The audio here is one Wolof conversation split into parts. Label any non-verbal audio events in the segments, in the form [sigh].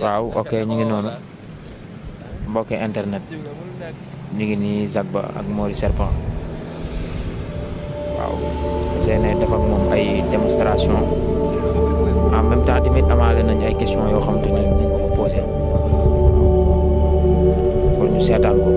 waaw ok ñu ngi noonu mbokki internet ñu ngi nii Zack ak Mory Serpent waaw seen def ak moom ay démonstration en même temps tamit amaale nañ ay question yoo xam te ne nañ ko posé pour ñu seetaan ko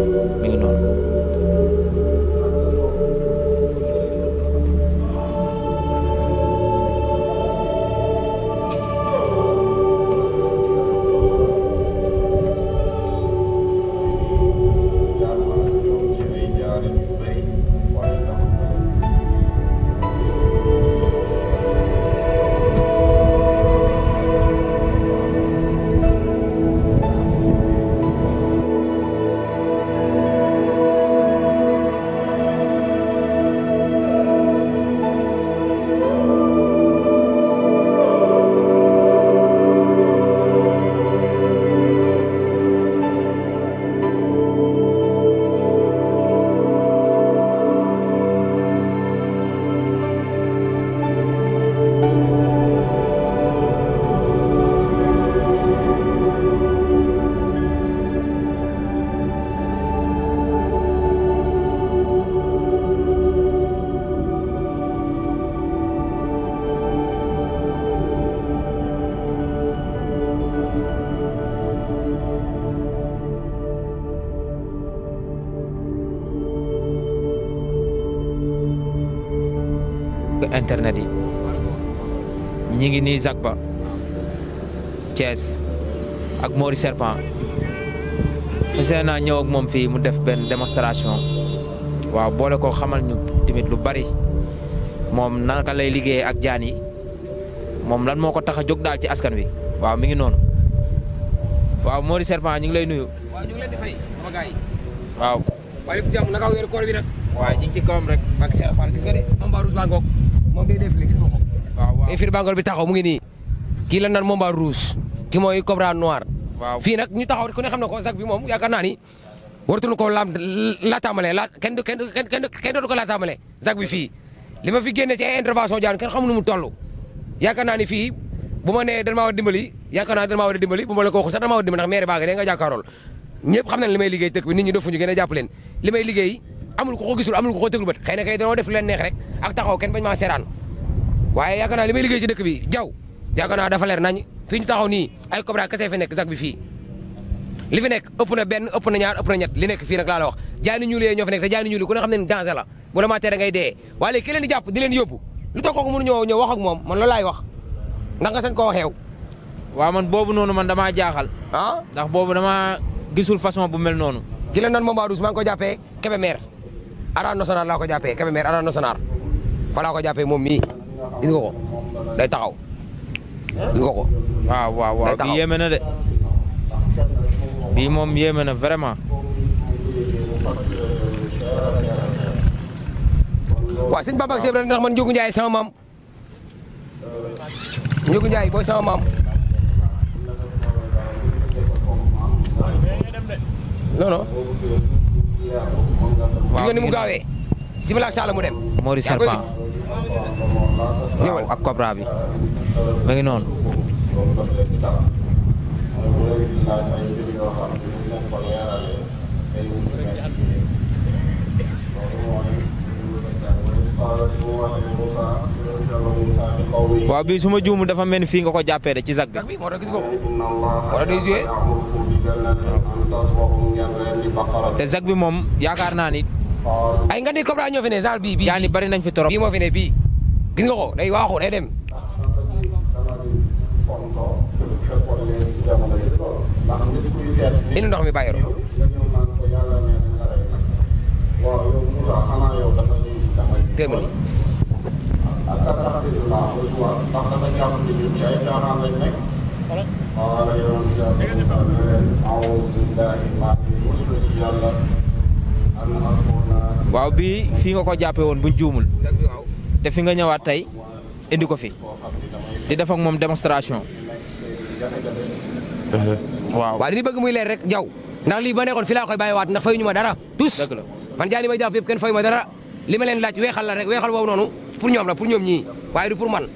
internet yi ñi ngi nii Zac Ba ak Mori Serpent fese naa ñëw ak moom fii mu def benn démonstration waaw boole ko xamal ñu tamit lu bari moom naka lay liggéeyee ak jaan yi moom lan moo ko tax a jóg daal ci askan wi waaw mi ngi noonu waaw Mori Serpent ñu ngi lay nuyu. waaw ñu ngi leen di fay waaw. waaye jàmm naka weeru koor waaw ñu Serpent gis nga de. Amba moo ngi def léegi ko. bi taxaw mu ngi nii. kii la nan Momba Rouge. ki mooy Cobra Noir. waaw fii nag ñu taxaw ku ne xam na ko sax bi moom yaakaar naa ni. waratuñu ko laam laataamale la kenn du kenn kenn kenn dootu ko laataamale sax bi fii. li ma fi génne ci ay intervention jaan kenn xam nu mu toll. yaakaar naa ni fii bu ma nee dan maa war dimbali yaakaar naa dan maa war dimbali bu ma la ko waxul sax war dimbali ndax maire baa nga ne nga jàkkaarool ñëpp xam nañ li may liggéey dëkk bi nit ñi dofuñu gën a jàpp leen li may liggéey amul ko ko gisul amul ko ko teglu bët xëy na kay danoo def leen neex rek ak taxaw kenn bañ maa seeraan waaye yaakaar li may liggéey ci dëkk bi jaw yaakaar naa dafa leer nañ fi ñu taxaw ni ay Cobra kese fi nekk sax bi fii li fi nekk ëpp na benn ëpp na ñaar ëpp na ñett li nekk fii nag laa la wax jaay ni ñuul yee ñoo fi nekk te jaay ni ñuul ku ne xam ne danger la bu la dee waaye léegi ki leen di yóbbu lu tax kooku mënu ñëw ñëw wax moom man loolu laay wax ndax nga sañ koo waxeew waaw man boobu noonu man damaa jaaxal ah ndax boobu damaa gisul façon bu mel noonu ki leen doon moom waa Rousse ko jàppee Kébé arène nationale laa ko jàppee Kébémer arène nationale fa laa ko jàppee moom mii gis nga ko day taxaw gis nga ko. waaw waaw bi yéeme de bii moom yéeme na vraiment. waaw sëñ Baba ak Cheikh ndax man Ndiogou Ndiaye sama maam Ndiogou booy sama maam. non gis nga ni mu gaawee sibila ngi noonu waaw bii su ma dafa mel ni fii nga ko jàppee de ci zag bi. te zag bi moom yaakaar naa ni ay nga di Cobra ñoo fi ne genre bii bii. yaa ni bari nañ fi torop bii moo fi ne bii. gis nga ko day waaxu day dem. ndox mi bàyyi téeméer waaw bii fii nga ko jàppee woon buñ juumul te fi nga ñëwaat tey indi ko fi di def ak moom démonstration. Uh-huh. waaw waaw li bëgg muy leer rek jaw ndax lii ba nekkoon fi laa koy bàyyiwaat ndax fayuñu ma dara. tous la man jaani may jàpp yëpp kenn ma dara li ma leen laaj weexal la rek weexal woowu noonu pour ñoom la pour ñoom ñii waaye du pour man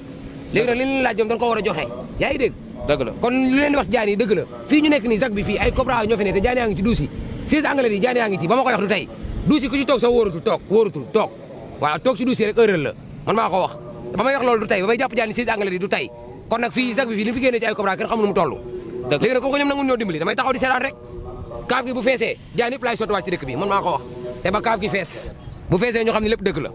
léegi li leen laaj ñoom dañ ko war a joxe yaa ngi dégg. dëgg la kon lu leen di wax jaani dëgg la ñu nekk ni zag bi fii ay Cobra ñoo fi ne te jaani ngi ci duusi si anglais bi duus yi ku ci toog sax wóorutul toog wóorutul toog waaw toog rek erreur la man maa ko wax ba may wax loolu du tey ba may jàpp jaani siis anglais yi du tey kon nag fii sax bi fii li mu fi génnee ci ay cobra kenn xamul mu toll léegi nag kooku ñoom nangu ñoo dimbali damay taxaw di seetaan rek kaaf gi bu feesee jaan yëpp laay sottiwaat ci dëkk bi man maa ko wax te ba kaaf gi fees bu feesee ñu xam ne lépp dëkk la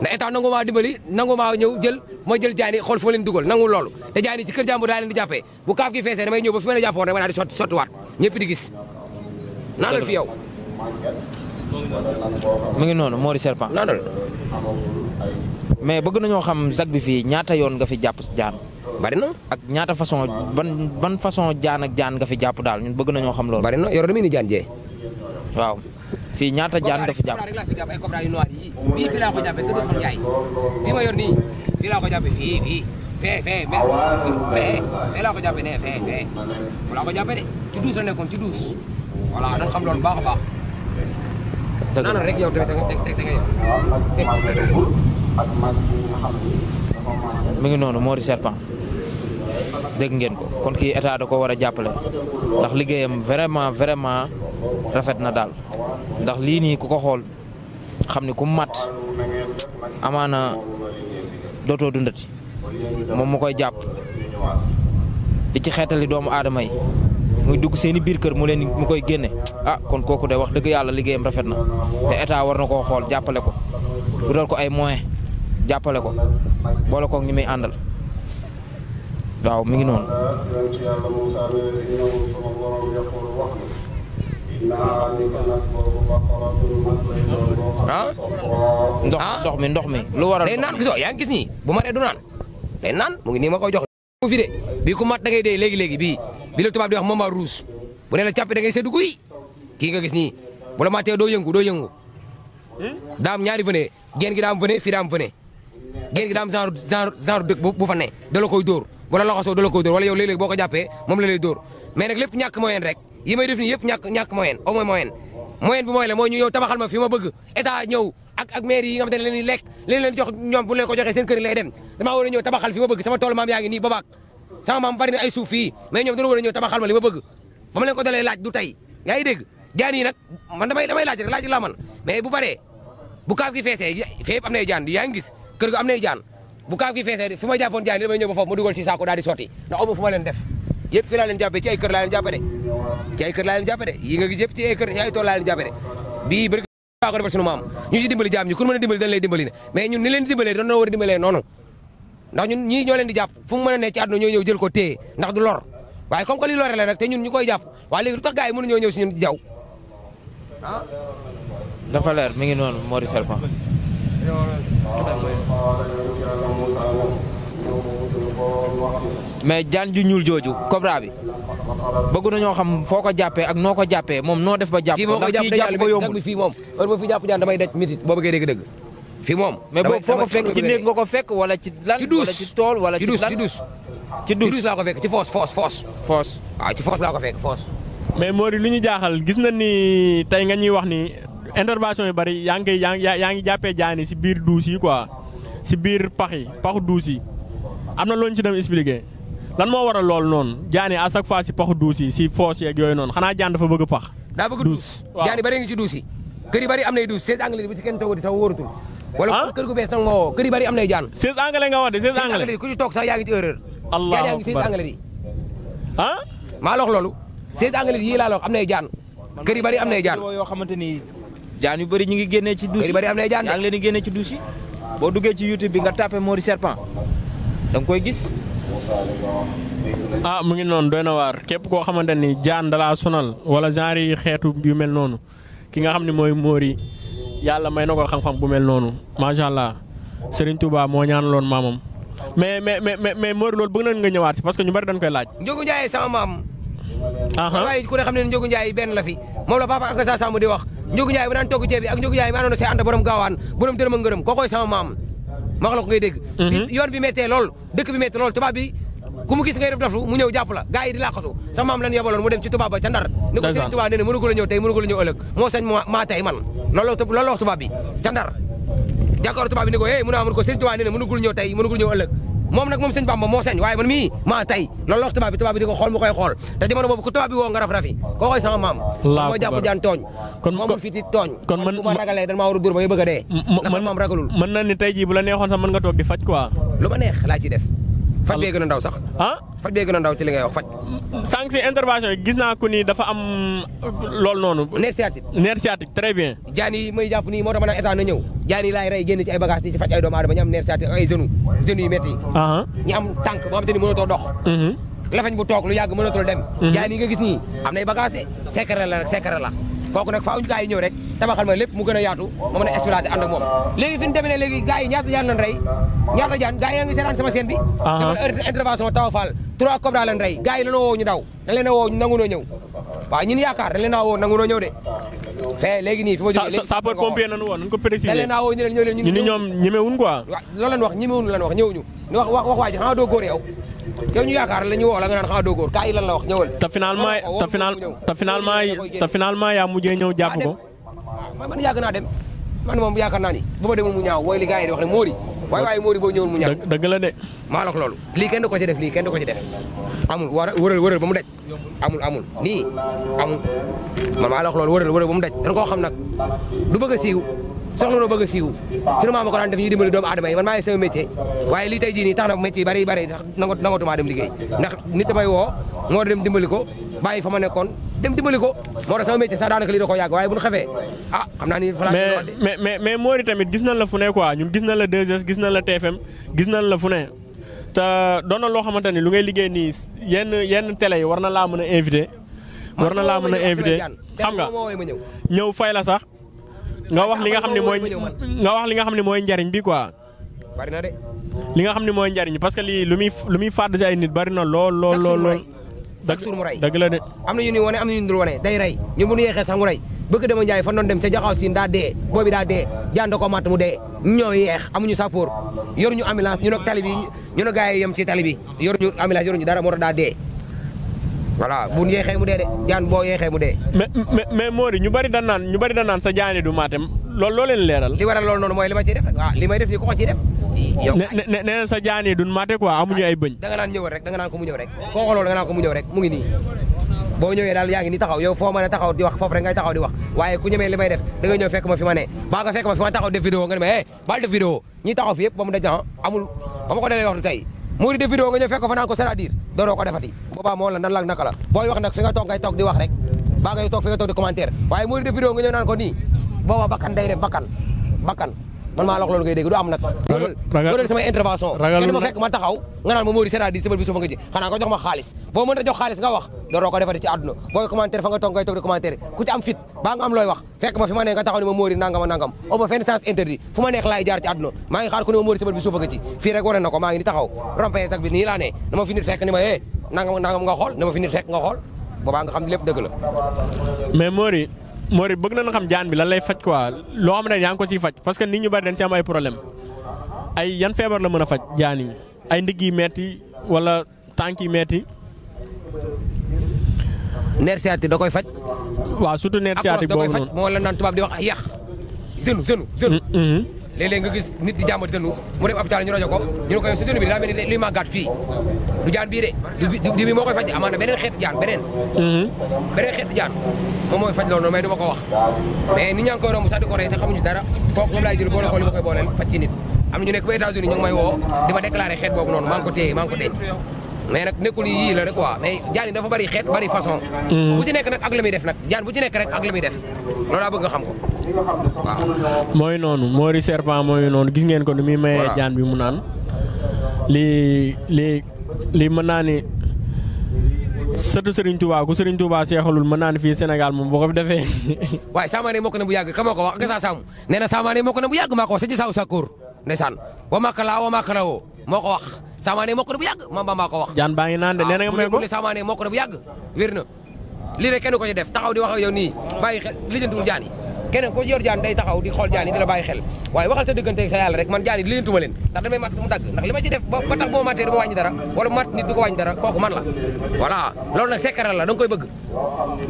ndax état nangu maa dimbali nangu maa ñëw jël ma jël jaani xool fu ma leen dugal nangu loolu te jaani ci kër jàmbur daa leen di jàppee bu kaaf gi feesee damay ñëw ba fi la la fi yow mu ngi noonu moo serpent mais bëgg nañoo xam zag bi fii ñaata yoon nga fi jàpp jaan. bari na ak ñaata façon ban ban façon jaan ak jaan nga fi jàpp daal ñun bëgg nañoo xam loolu. bari na yoroo ni jaan jee. waaw fii ñaata jaan nga fi jàpp. ay fii laa ko jàppee fii fii fee fee fee fee fee laa ko jàppee de ci douze la nekkoon ci douze voilà nañ xam loolu baax baax. dëgg la rek ngi noonu moo di serpent dégg ngeen ko kon kii état da ko war a jàppale ndax liggéeyam vraiment vraiment rafet na daal ndax lii nii ku ko xool xam ni ku mat amaana dootoo dundati moom mu koy jàpp di ci xeetali doomu aadama yi. muy dugg seen biir kër mu leen mu koy génne ah kon kooku wax dëgg yàlla liggéeyam rafet na te état war na koo xool jàppale ko wutal ko ay moyens jàppale ko boole koog ñi muy àndal waaw mi ngi noonu. ah. ndox ah. ndox mi ndox mi lu waral. yaa ngi gis bu ma du naan day naan mu ngi nii ma koy jox. mu fi de bii ku mat da ngay léegi léegi bii. bi la tubaab di wax moment rouge bu ne la càpp da ngay seddu guy kii nga gis ni bu la matee doo yëngu doo yëngu daam ñaari vene geen gi daam vene fii daam vene geen gi daam genre genre genre dëkk bu fa ne da la koy dóor wala loxo soo da la koy dóor wala yow léeg boo ko jàppee moom la lay dóor mais nag lépp ñàkk rek yi may def nii yëpp ñàkk ñàkk moyen au moins moyen mooy la mooy ñu yow tabaxal ma fi ma bëgg état ñëw ak ak maire yi nga xam te ne leen bu leen ko joxee seen kër lay dem damaa a ñëw ma bëgg sama tool maam yaa sama maam bari na ay suuf fii mais ñoom dañoo war a ñëw tabaxal ma li ma bëgg ba ma leen ko dalee laaj du tey yaa ngi dégg jaan yi nag man damay damay laaj rek laaj laa man mais bu baree bu kaaf gi feesee fépp am nay jaan yaa ngi gis kër ga am nay jaan bu kaaf gi feesee fi ma jàppoon jaan yi damay ñëw ba foofu ma dugal ci saako daal di sotti ndax amu ma leen def yëpp fi laa leen jàppee ci ay kër laa ci ay kër laa leen de yi nga gis yëpp ci ay kër ci ay a dimbali dañ lay dimbali ne ndax ñun ñii ñoo leen di jàpp fu mu mën a ne ci àdduna ñoo jël ko téye ndax du lor waaye comme que li lore la nag te ñun ñu koy jàpp waaye léegi lu tax gars yi mënuñoo ñëw si ñun jaw dafa leer mi ngi noonu Mori Serpent. mais jaan ju ñuul jooju Cobra bi bëgg nañoo xam foo ko jàppee ak noo ko jàppee moom noo def ba. jàpp ko ndax kii jàpp ko yombul kii moom heure boo fi jàpp jaan damay daj mitit boo bëggee dégg-dégg. fi moom. mais boobu foo ko fekk ci néeg nga ko fekk wala ci lan. wala ci tool wala ci lan ci dus ci dus. ci dus foos foos foos. foos waaw ci foos laa ko fekk foos. mais Mody lu ñu jaaxal gis na ni tey nga ñuy wax ni intervention yu bari yaa ngi koy yaa ngi jàppee jaani si biir duus yi quoi biir pax yi paxu duus yi am na loo ñu si dem expliqué lan moo waral lool noonu jaani à chaque fois si paxu duus yi si foos yeeg yooyu noonu xanaa jaan dafa bëgg pax. daa bëgg duus jaani bari ngi ci duus yi kër yi bari am wala ah? kër gu bees nag moo kër yu bari am nay jaan. 16 anglais nga wax de 16 anglais ku ci toog sax yaa ngi ci erreur. allahu akbar yaa ngi 16 ah? yii laa am nay jaan kër yu bari am nay jaan. yoo xamante ni jaan yu bari ñu ngi génnee ci douche bari am nay jaan yaa di génnee ci douche boo duggee ci YouTube bi nga tapé moori Serpent da nga koy gis. ah mu ngi noonu doy na waar képp koo xamante ni jaan dalaa sonal wala genre yi xeetu yu mel noonu ki nga xam ne mooy Mori yàlla may na ko xam-xam noonu macha allah Serigne moo ñaanaloon maamam. mais mais mais bëgg nañ nga ñëwaat si parce que ñu bari laaj. Ndiogou sama maam. Ah, ah. waaye ku ne xam ne Ndiogou benn la fi moom la papa ak sa Samb di wax Ndiogou togg ceeb bi ak Ndiogou Ndiaye bi àndoon see ànd borom gaawaan borom dërëm ak ngërëm kookoy sama maam ma mhm. yoon bi méttee lool dëkk bi méttee lool tubaab bi ku mu gis ngay def doftu mu ñëw jàpp la gars yi di làqatu sa maam lan yebaloon mu dem ci tubaab ba ca ndar ni ko sëriñ tubaab nee na mënu ko la ñëw tey mënu ko la ñëw ëllëg moo sañ maa tey man loolu loolu wax tubaab bi ca ndar jàkkaaroo tubaab bi ni ko eh mun a mun ko sëriñ tubaab nee na mënugul ñëw tey mënugul ñëw ëllëg moom nag moom sëñ Bamba moo sañ waaye man mii maa tey loolu wax tubaab bi tubaab bi di ko xool mu koy xool te jamono boobu ku tubaab bi woo nga raf rafi koo koy sama maam moo jàpp jaan tooñ kon moom fii di tooñ kon man bu ma ragalee dan maa war a dóor ba bëgg a dee man maam ragalul mën na ni tey jii bu la neexoon sax mën nga toog di faj quoi lu ma neex laa ci def faj bee gën a ndaw sax. ah faj bee gën a ndaw ci li faj. sànq si gis naa ko ni dafa am loolu noonu. nerf sciatique nerf sciatique très bien. jaan yi may jàpp nii moo tax ma naan état na ñëw jaan yi laay rey génn ci ay bagages di ci faj ay doomu aadama ñu am nerf sciatique ay genoux genoux yu métti. Ah, ah. ñu am tànk boo xam te ni mënatoo dox. Mhm. lefeñ bu toog lu yàgg mënatul dem. Mhm. jaan yi nga gis nii am nay bagages secret la rek secret la. kooku nag faaw ñu gaa yi ñëw rek tabaxal ma lépp mu gën a yaatu ma mën a exploité ànd ak moom léegi fi ñu demee ne léegi ñaata jaan lan rey ñaata jaan gaa yi ngi seetaan sama seen bi dafa intervention Tawa Fall trois cobra lan rey gaa yi woo ñu daw dañ leen a woo nangu noo ñëw waaw ñun yaakaar dañ leen a woo nangu noo ñëw de fee léegi nii fi ma jógee sapeur pompier nañu woon nañu ko préciser dañ ñoom ñemewuñ quoi waaw loolu lan wax ñemewuñ lan wax ñëwuñu wax wax waa ji xanaa doo góor yow yow ñu yaakaar la ñu woo la nga naan xanaa doo góor kaay lan la wax ñëwal. te finalement te final te finalement te finalement yaa mujjee ñëw jàpp ko. Ah, man yàgg naa dem man moom yaakaar naa ni bu ma demee mu ñaaw mooy li gars yi di wax ne Mody. waaye waaye Mody boo ñëwul mu ñaaw dëgg la de. maa la ko loolu lii kenn du ko ci def lii kenn du ko ci def amul war wëral wëral ba mu daj amul amul nii amul man maa la ko loolu wëral wëral ba mu daj dañ koo xam nag du bëgg a siiw. soxla na bëgg a siiw sunu maam ma ko daan def ñuy dimbali doomu aadama yi man maa ngi sama métier waaye lii tey jii nii tax na métier yi bëri bëri sax nangatumaa dem liggéey ndax nit damay woo moo dem dimbali ko bàyyi fa ma nekkoon dem dimbali ko moo tax sama métier sax daanaka lii da koo yàgg waaye bu ñu xefee ah xam naa ni fa laa mais mais mais Mori tamit gis nañ la fu ne quoi ñun gis nañ la 2S gis nañ la TFM gis nañ la fu ne te doon na loo xamante ni lu ngay liggéey nii yenn yenn télé yi war na laa mën a invité war na laa mën a invité xam nga ñëw fay la sax nga wax li nga xam ne mooy nga wax li nga xam ne mooy njariñ bi quoi. bari na de. li nga xam ne mooy njariñ parce que lii lu muy lu muy fàdd si ay nit bari na lool lool lool lool. chaque jour mu rey dëgg la de. am na ñu ni wane am na ñu dul wane day rey ñu bu ñu yeexee sax mu rey bëgg dama njaay fan doon dem ca jaxaw siin daa dee boobi daa dee jaan da ko mat mu dee ñoo yeex amuñu sappoor yoruñu ambulance ñu ne tali bi ñu ne gars yi yem ci tali bi yoruñu ambulance yoruñu dara moo tax daa dee voilà bu yeexee mu dee de jaan boo yeexee mu dee. mais mais mais Mori ñu bari da naan ñu bari da naan sa jaani du maatem loolu loo leen leeral. li waral loolu noonu mooy li ma ciy def waaw li may def ni ko ko def. yow ne ne sa jaani du maate quoi amuñu ay bëñ. da naan ñëwal rek da naan ko mu ñëw rek koo xooloo da nga naan ko mu ñëw rek mu ngi boo ñëwee daal yaa ngi ni taxaw yow foo mën a taxaw di wax foofu rek ngay taxaw di wax waaye ku ñemee li may def da nga ñëw dooroo ko defati boobaa moo la nan la naka la booy wax nag fi nga toog ngay toog di wax rek baa ngay toog fi nga toog di commentaire waaye moo di nga ñëw naan ko nii booba bakkan day def bakkan bakkan man maa la wax loolu du am nag loolu sama intervention kenn ma fekk ma taxaw nga naan ma Mory Sédar di sabal bi suufa nga ji nga jox ma xaalis boo mën a jox xaalis nga wax dooroo ko defati ci àdduna booy commentaire fa nga toog ngay commentaire ku ci am fit baa nga am looy wax fekk ma fi ma ne nga taxaw ne ma Mory nangam nangam o ma fenn interdit fu ma neex laay jaar ci àdduna maa ngi xaar ku ne ma Mory sabal bi suufa nga ci nga xool fi nit fekk eh, Mori bëgg na nañu xam jaan bi lan lay faj quoi loo xam ne yaa ngi ko siy faj parce que nit ñu bari dañ si am ay problème ay yan feebar la mën a faj jaan yi ay ndigg yi metti wala tànk yi metti. nerf sciatique da koy faj. waaw surtout nerf sciatique boobu noonu da koy moo la naan tubaab di wax ay yàq. zenu zenu zenu. Mm-hmm. léeg nga gis nit di jàmbati tënu mu dem hôpital ñu rajo ko ñu ne ko sa sunu bi daa mel ni luy màggaat fii du jaan bii de du bi moo koy faj amaana beneen xeetu jaan beneen mm-hmm. beneen xeetu jaan moom mooy faj loolu noonu mais du ma ko wax mais nit ñaa ngi di ko rey te dara kooku moom laay jël boole ko li ma koy booleel faj ci nit am ñu nekk ba États-Unis ñu may woo di ma déclaré xeet boobu noonu maa ko téye maa ko téye mais nag nekkul yii la rek waa mais jaan yi dafa bari xeet bari façon. Hmm. bu ci nekk nag ak la muy def nag jaan bu ci nekk rek ak la muy def loolu xam mooy noonu Mori Serpent noonu gis ngeen ko ni muy mayee jaan bi mu naan lii lii lii mën naa ni sëtu Serigne Touba ku Serigne Touba seexalul mën naa ne fii Sénégal moom boo ko fi defee. [laughs] waaye Samaane mokk na bu yàgg ka ma ko wax ak sa Saamu nee na Samaane mokk na bu yàgg maa ko sa ci Saaw Sakkour ndeysaan wa makka laa wa makka la woo moo ko wax. saamaane mokk na bu yàgg Mame Bamba ko de ah, bu yàgg wér na lii ko ci def taxaw di wax ak yow nii bàyyi xel lijjantiwul jaan yi keneen ko yor jaan day taxaw di xool jaan yi di la bàyyi xel waaye waxal sa dëggante ak sa yàlla rek man jaan yi lijjantuma leen ndax damay mat mu dagg ndax li ma ci def ba tax boo matee du ma wàññi dara wala mat nit du ko dara kooku man la voilà loolu nag sekkaral la da nga koy bëgg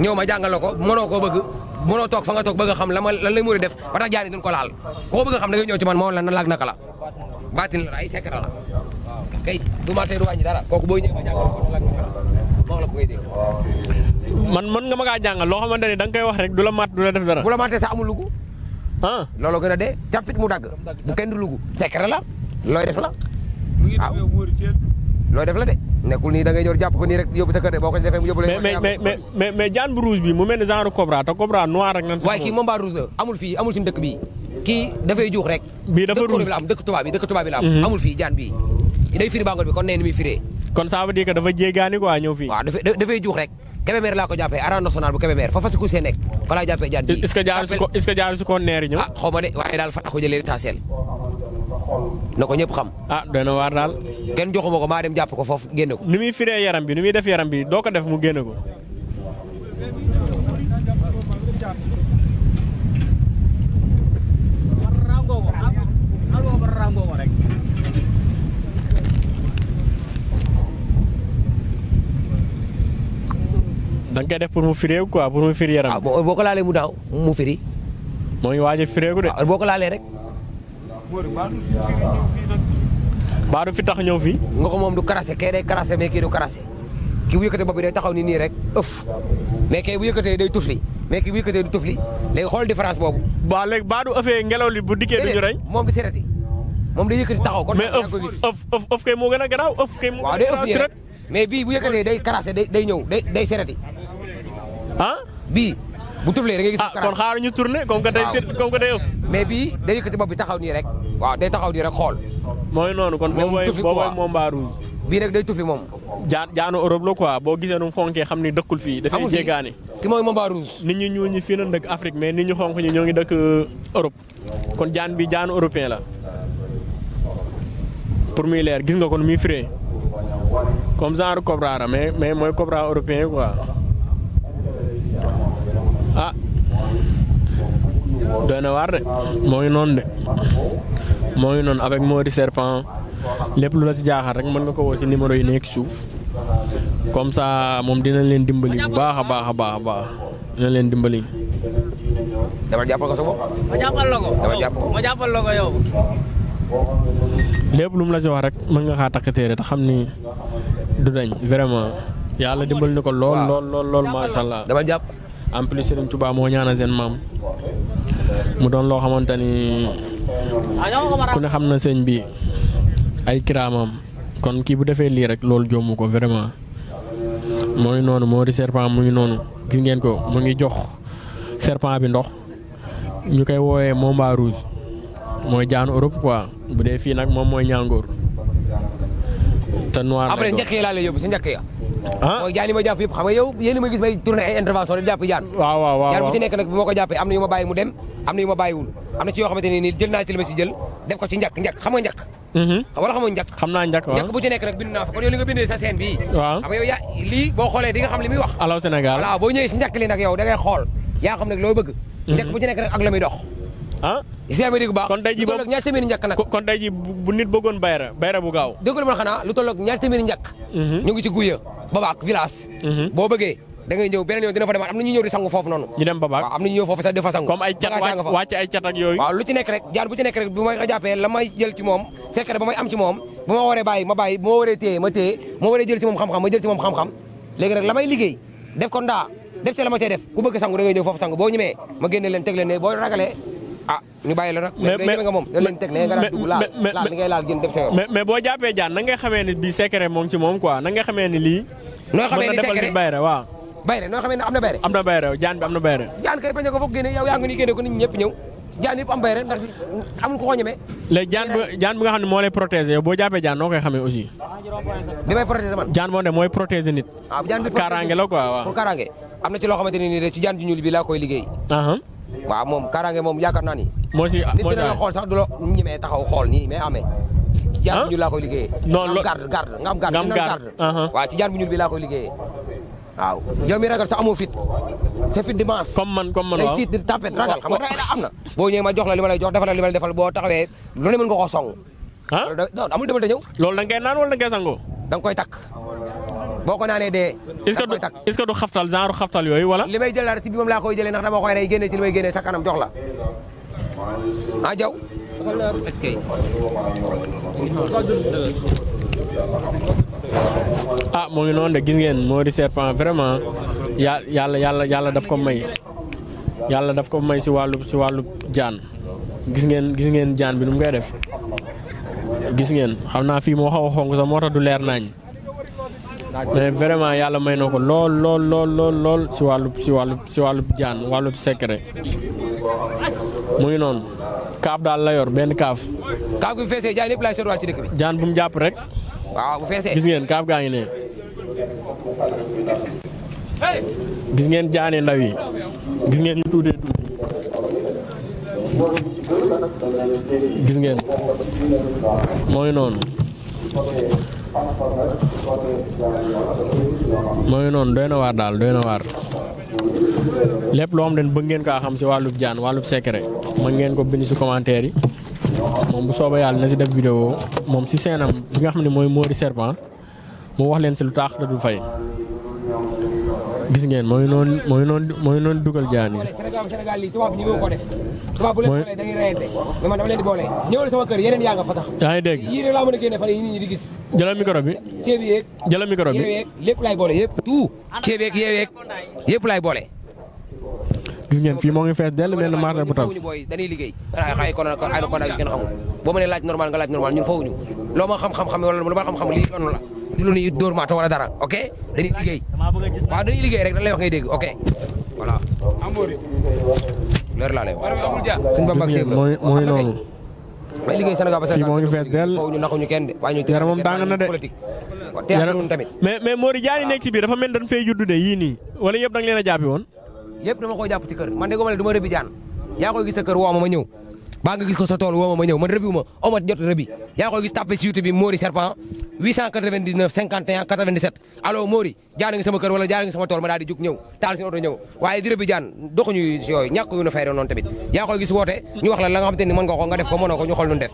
ñëw ma jàngal la ko mënoo koo bëgg mënoo toog fa nga toog bëgg a xam la ma lan lay muuri def ba tax jaan yi ko laal koo bëgg a xam da ngay ñëw ci man moo la na laag naka la baatin la ay la kay du ma tey du wàññi dara kooku boo la koy dégg man mën nga ma kaa jàngal loo xamante ne da nga koy wax rek du la mat du la def dara bu la matee sax amul lugu ah gën a dee jàppit mu dagg bu kenn du lugu secret la looy def la waaw looy def de nekkul nii da ngay ñëw jàpp ko nii rek yóbbu sa kër de boo ko defee mu yóbbu la mais mais mais mais jaan mu mel genre cobra te cobra noir rek nan waaye kii moom baa rouge amul fii amul suñu dëkk bii kii dafay juux rek bii dafa rouge day firi bàngoor bi kon nee ni muy firee. kon ça veut dire que dafa jéegaani quoi ñëw fii. waaw dafay dafay juux rek. Kébémer laa ko jàppe arène nationale bu Kébémer fa fasiku see nekk fa laa jàppee jaan bi. ko est-ce que jaaru si ko neer ñëw. ah xaw de waaye daal fa laa taaseel na ñëpp xam. ah doy na waar daal. ko maa dem jàpp ko foofu génne ko. ni muy fire yaram bi ni muy def yaram bi doo ko def mu génne ko. rek da nga koy def pour mu firéeku quoi pour mu firi yaram. ah boo ko laalee mu daaw mu firi. moo ngi waaj a firéeku de. Ah, boo ko laalee rek. baa du fi tax ñëw fii. nga ko moom du karase kee day karase mais kii du karase kii taxaw ni nii rek ëff mais kii bu yëkkatee day tufli mais kii bu yëkkatee du tufli xool différence boobu. waaw léegi baa du li bu dikkee du ñu rey. moom du sirati moom day yëkkati taxaw. kon mais ëff ëff nii rek mais bii bu yëkkatee day karase day ñëw day day ah bii bu tuflee da ngay gis. ah kon xaaral ñu tourné comme que tey comme que day ëpp. mais bii day yëkkati bopp bi taxaw nii rek. waaw day taxaw nii rek xool. mooy noonu kon boo booy boo bii nag day tufli moom. jaa jaanu Europe la quoi boo gisee nu xam ni dëkkul fii. dafay jéggaani ki mooy Mamba Rouge. nit ñi ñuul ñi fii nañ dëkk Afrique mais nit ñu xonq ñi ñoo ngi dëkk euh, Europe. kon jaan bi jaanu européen la pour muy leer gis nga kon muy firé comme genre cobra la mais mais mooy cobra ah doy na waar de moo ngi noonu de moo ngi noonu avec Mody Serpent lépp lu la si jaaxal rek mën nga ko woo si numéro yi nekk suuf comme ça moom dina leen dimbali bu baax a baax a baax a baax dina leen dimbali. dama jàppal ko sa bopp. ma la lépp lu mu la si wax rek mën nga xaa takk téere te xam ni du dañ vraiment yàlla dimbali ni ko lool lool lool lool macha en plus Serigne Touba moo ñaana seen maam mu doon loo xamante ni ku ne xam na sëñ bi ay kiraamam kon kii bu defee lii rek loolu jommu ko vraiment mooy noonu moo di serpent mu ngi noonu gis ngeen ko mu ngi jox serpent bi ndox ñu koy woowee Mamba Rouge mooy jaanu Europe quoi bu dee fii nag moom mooy ñaangoor te noir après njëkk yi si njëkk ya ah? jaan yi ma jàpp yëpp xam yow yéen a ma gis may tourné ay di jàpp jaan jaan bu ci nag bu ko jàppee am ma bàyyi mu dem am na yu ma bàyyiwul am na ci yoo xamante ne nii jël naa ci ma si jël def ko ci njëkk njëkk xam nga wala mhm. xam nga njëkk bu ci nag bind naa fa kon yow li nga bindee sa scène bii waaw yow yaa lii boo xoolee di nga li muy yow da ngay mhm. bu ci nag ak la dox ah? gis nga dégg bu baax kon tey jii lu tolloog bu nit bëggoon bayra bayra bu gaaw dégg ma xanaa lu tolloog ñaari téeméeri njàkk mhm. ñu ngi ci guya babaak village mhm. boo bëggee da ngay ñëw beneen yoon dina fa demaat am na ñu ñëw di sangu foofu noonu ñu dem babaak waaw am na ñu ñëw foofu sax di fa sangu comme ay nekk rek jaan bu ci nekk rek bu may jàppee la may jël ci moom secret ba may am ci moom bu ma waree bàyyi ma bàyyi bu ma waree téye ma téye ma waree jël ci moom xam-xam léegi rek la may liggéey def ko ndaa def ci la ma tey def ku b sangu da ngay ñëw foofu sangu boo ñëmee ma ne boo ah ñu bàyyi la nag. mais mais mais nga moom dañ leen teg ne nga daan dugg boo jàppee jaan na xamee ni bii secret moom ci moom quoi am na bayre. am na bayre jaan bi am na bayre. jaan kay bañ ko foog génne yow yaa ngi nii génne ko nit ñëpp ñëw jaan yëpp am bayre ndax amul ko xoo ñemee. léegi jaan bi jaan bi nga xam ne moo lay protéger yow boo jàppee jaan noo koy xamee aussi. li may protéger man. jaan moo ne mooy protéger nit. waaw ah, jaan kaaraange la quoi am na ci loo xamante ne nii de ci jaan ju ñuul bi laa koy liggéey waaw moom karange moom yaakaar naa ni. moo si sax du xool nii mais amee. Ah? jaar bu ñuul laa koy liggéeyee. non lo nga am garde nga am garde. nga am garde uh-huh. waaw ci jaar bu ñuul bi laa koy liggéeyee. waaw yow mi ragal sax amoo fit. c'est fit dimanche. comme tiit di tapet ragal xam ragal am na. boo ñëwee ma jox la li ma jox defal la li ma lay defal boo taxawee lu ne mën nga koo song. ah da demal da ñëw. loolu da ngay naan wala da da nga koy takk. boo ko naanee dee. est ce du est ce que xaftal genre xaftal yooyu wala. li may jëlaat si bi moom laa koy jëlee ndax dama koy rey génne ci li may génne sa kanam jox la ah que. ah moo ngi noonu de gis ngeen moo di serpent vraiment yàlla yàlla yàlla daf ko may yàlla daf ko may si wàllu si wàllu jaan gis ngeen gis ngeen jaan bi nu mu koy def gis ngeen xam naa fii moo xaw a xonk sax moo tax du leer naañ mais vraiment yàlla may na ko lool lool lool lool lool si wàllu si wàllu si wàllu jaan wàllu secret mu ngi noonu kaaf daal la yor benn kaaf. kaaf bu feesee jaan yëpp bu mu jàpp rek. waaw bu feesee gis ngeen kaaf gaa ngi ne. gis ngeen jaane ndaw yi gis ngeen ñu tuutee gis ngeen mooy noonu. mooy noonu doy na waar daal doy na waar lépp loo xam ne bëgg ngeen kaa xam si wàllub jaan wàllub secret mën ngeen ko bind si commentaire yi moom bu soobee yàlla na si def vidéo moom ci seenam bi nga xam ne mooy Mori Serpent mu wax leen si lu taax da du fay gis ngeen mooy noonu mooy noonu mooy noonu dugal jaan yi tubaab bu leen boolee dañuy reyante mais man dama leen di boole ñëwal sama kër yeneen yaa nga fa sax yaa ngi dégg yii rek laa mën a génne fan yi nit di gis jëlal micro bi ceeb bi lépp laay boole yëpp tout ceeb yeeg yeeg yëpp laay boole gis ngeen fii moo ngi fees dell mel na marché bu tas dañuy liggéey ay kon ay kon ay kenn xamul boo mënee laaj normal nga laaj normal ñun fawuñu loo ma xam-xam xam wala lu ma xam-xam lii loolu la di lu nuy dóor maata wala dara ok dañuy liggéey waaw dañuy liggéey rek dañ lay wax ngay dégg leer laa lay wax. suñ Bamba ak Sèye mooy mooy loolu. may liggéey Sénégal ba Sénégal ñu de waaye ñu. yaramam nekk ci biir dafa mel dañ fay juddu de yii nii wala yëpp da leen a jàppi woon. yëpp dama koy jàpp ci kër man de gomale du ma rëbbi jaan yaa koy gis sa kër woo ma ma ñëw baa nga gis ko sa tool woo ma ma ñëw man rëbi wu ma omat jot rëbi yaa koy gis tàppe si YouTube bi Mori Serpent 899 51 97 allo Mori jaar nga sama kër wala jaar nga sama tool ma daal di jug taal seen oto ñëw waaye di jaan doxuñu yooyu ñàkk yu nu fay noonu tamit yaa koy gis woote ñu wax la nga xam te ni ko nga def ko mënoo ko ñu xool nu def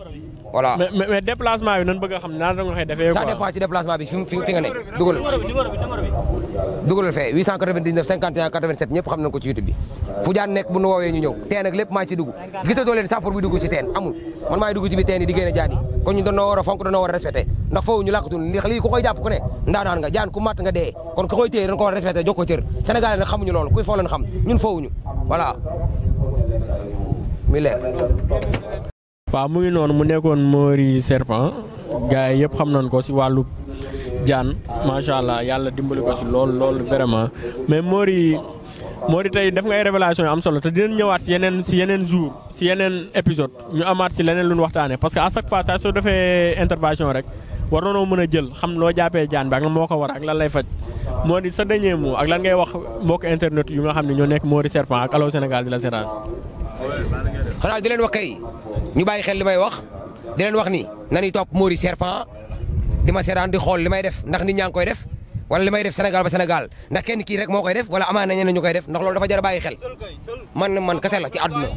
voilà mais mais déplacement bi nan bëgg a xam naan la nga koy defee. ça dépend ci déplacement bi fi fi nga ne dugal. dugalal fee 899 51 87 ñëpp xam nañ ko ci YouTube bi fu jaan nekk bu nu woowee ñu ñëw teen ak lépp maa ci dugg gisatoo leen saafara buy dugg ci teen amul man maay dugg ci bi teen yi di génne jaan yi kon ñun dañoo war a fonk dañoo war a respecté ndax foofu ñu làkkatu ndax lii ku koy jàpp ku ne ndaanaan nga jaan ku matt nga dee kon ku koy téye dañ ko war a respecté jox ko cër Sénégalais nag xamuñu loolu kuy foo leen xam ñun foowuñu voilà mi leer waaw mu ngi noonu mu nekkoon Mori Serpent gars yi yëpp xam nañ ko si wàllu jaan macha allah yàlla dimbali ko si lool lool vraiment mais Mori Mori tey def ngay révélation yu am solo te dinañ ñëwaat si yeneen si yeneen jour si yeneen épisode ñu amaat ci leneen lu ñu waxtaanee parce que à chaque fois saa soo defee intervention rek war nañoo mën a jël xam loo jàppee jaan bi ak lan moo ko war ak lan lay faj moo di sa dernier mu ak lan ngay wax mbokk internet yu nga xam ne ñoo nekk Mori Serpent ak Allô Sénégal di la seetaan xanaa di leen wax kay ñu bàyyi xel li may wax di leen wax ni nañuy topp Mori Serpent di ma seeraan di xool li may def ndax ni ñaa ngi koy def wala li may def Sénégal ba Sénégal ndax kenn kii rek moo koy def wala amaana ñeneen ñu koy def ndax loolu dafa jar a bàyyi xel man man kese la ci àdduna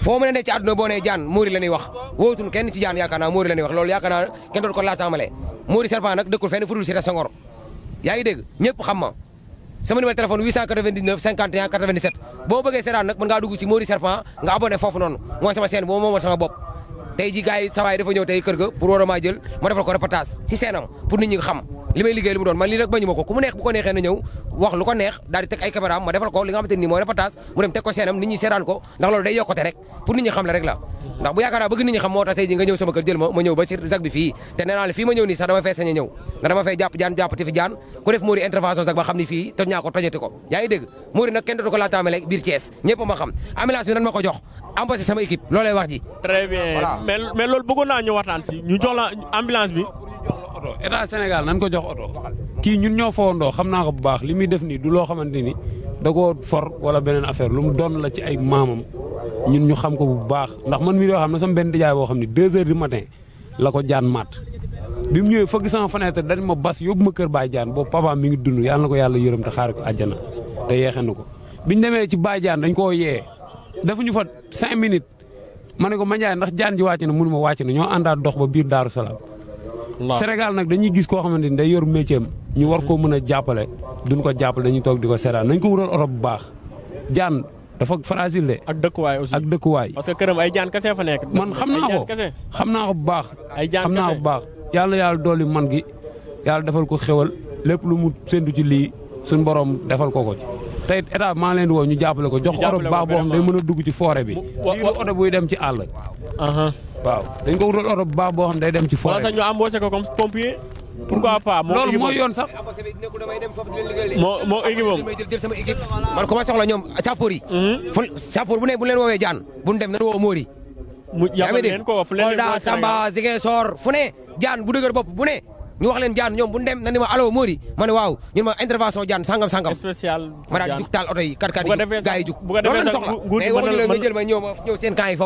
foo mën a ne ci àdduna boo nee jaan Mori la ñuy wax wóotuñ kenn ci jaan yaakaar naa Mori la ñuy wax loolu yaakaar naa kenn doon ko laataamale Mori Serpent nag dëkkul fenn fudul yaa ngi dégg ñëpp xam ma sama numéro téléphone 899 51 97 boo bëggee seetaan nag mën ngaa dugg ci Mori Serpent nga abonné foofu noonu mooy sama chaîne boo moomoon sama bopp tey ji gars yi sawaay dafa ñëw tey kër ga pour war a maa jël ma defal ko reportage ci seenam pour nit ñi xam li may liggéey li mu doon man lii nag bañu ma ko ku mu neex bu ko neexee na ñëw wax lu ko neex daal teg ay caméra ma defal ko li nga xamante ni ko seenam nit ñi seetaan ko ndax ma ma ñëw nii sax fee sañ ñëw ndax dama fee jàpp jaan jàpp ti fi jaan ku def Mory intervention sax ba xam ni fii toj naa ko tojati ko yaa ngi dégg Mory kenn dootu ko laataame léegi biir Thiès ñëpp ma xam ambulance bi nan ma ko jox embauché sama équipe loolay wax ji très bien mais loolu bëggoon jox la oto état Sénégal nan ko jox oto kii ñun ñoo fowandoo xam naa ko bu baax li muy def nii du loo xamante ni da koo for wala beneen affaire lu mu doon la ci ay maamam ñun ñu xam ko bu baax ndax man mii doo xam ne sama benn jaay boo xam ne deux heures du matin la ko jaan mat bi mu ñëwee fëgg sama fenêtre dañ ma bas yóbbu ma kër Baye Diagne boobu papa mi ngi dund yàlla ko yàlla yërëm te xaar ko àjjana te yeexe na ko ñu demee ci Baye Diagne dañ koo yee defuñu fa cinq minutes ma ne ko ma ndax jaan ji na mënu ma wàcc na ñoo àndaat dox ba biir Daaru Salaam Sénégal nag dañuy gis koo xamante ni day yor métier ñu war koo mën a jàppale duñ ko jàppale dañuy toog di ko seetaan nañ ko wutal oto bu baax jaan dafa fragile de. ak dëkkuwaay aussi ak dëkkuwaay. parce que këram ay jaan kese fa nekk. man xam naa ko xam naa ko bu baax. ay jaan xam naa ko bu baax yàlla yàlla dolli man gi yàlla defal ko xéwal lépp lu mu séntu ci lii suñ borom defal ko ko ci. tey état maa leen di woo ñu jàppale ko jox oto bu baax boo xam day mën a dugg ci forêt bi. oto buy dem ci àll. waaw dañ ko wutal bu baax boo xam day dem ci forêt. wala sax ñu embauché ko comme pompier. pourquoi hmm. pas moo loolu mooy yoon sax. moo moo équipe moom. man commencé soxla ñoom sapeur yi. Hmm. fu sapeur bu ne bu leen woowee jaan bu ñu dem nañu woo Mori. mu yàqal leen ko fu leen leen Kolda Tamba Ziguinchor fu ne jaan bu dëgër bopp bu ne. ñu wax leen jaan ñoom bu dem ma allo Mori ma ne waaw ma intervention jaan sangam sangam. spécial ma taal oto yi kat loolu lañ soxla mais waxuñu la nga jël ma ñëw ma ñëw seen la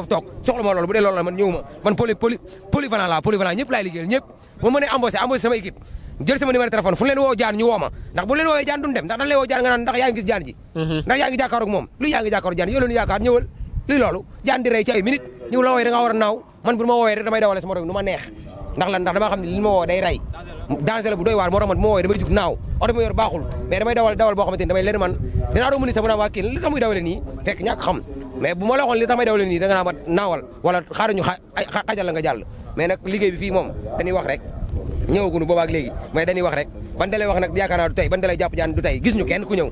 poli poli polyvalent laa polyvalent ñëpp laay liggéeyal ñëpp bu ma mënee embauché sama équipe jël sama numéro téléphone fu woo jaan ñu woo ma ndax bu leen jaan duñ dem ndax dañ woo jaan nga naan ndax yaa gis jaan ji mhm. ndax yaa ngi jàkkaaroog moom luy yaa ngi jàkkaaroog jaan yow jaan di a naaw man bu ma wooyee ndax lan ndax li ma woo day rey danger la bu doy waar moo tax man bu ma woowee damay jug naaw oto ma yor baaxul mais damay dawal dawal boo xamante ni damay leen man dinaa doon mën sax li tax muy dawale nii fekk ñàkk xam mais bu ma li tax may dawale nii da ma naawal wala xaaruñu xajal la nga jàll mais nag liggéey bi fii moom dañuy wax rek ñëwaguñu boobaak léegi mais dañuy wax rek ban dalay wax nag yaakaar naa du tey jaan du gis ñu kenn ku ñëw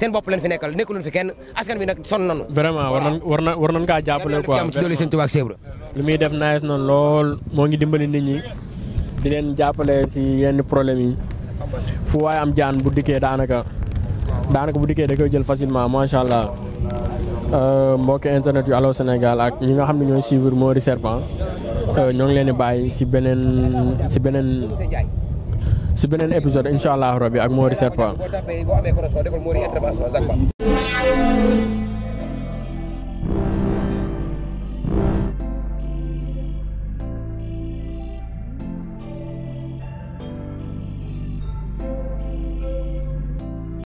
seen bopp leen fi nekkal nekkaluñ fi kenn askan bi nag sonn nañu. vraiment war nañ war na war nañ kaa jàppale quoi am ci doole seen tubaab sèbre. lu muy def nice noonu lool moo ngi dimbali nit ñi di leen jàppale si yenn problème yi fu waaye am jaan bu dikkee daanaka daanaka bu dikkee da koy jël facilement macha allah euh, mbokki internet yu Allô Sénégal ak ñi nga xam ne ñooy suivre Mori Serpent euh, ñoo ngi leen di bàyyi si beneen si beneen. si beneen épisode incha allah rabbi ak Mory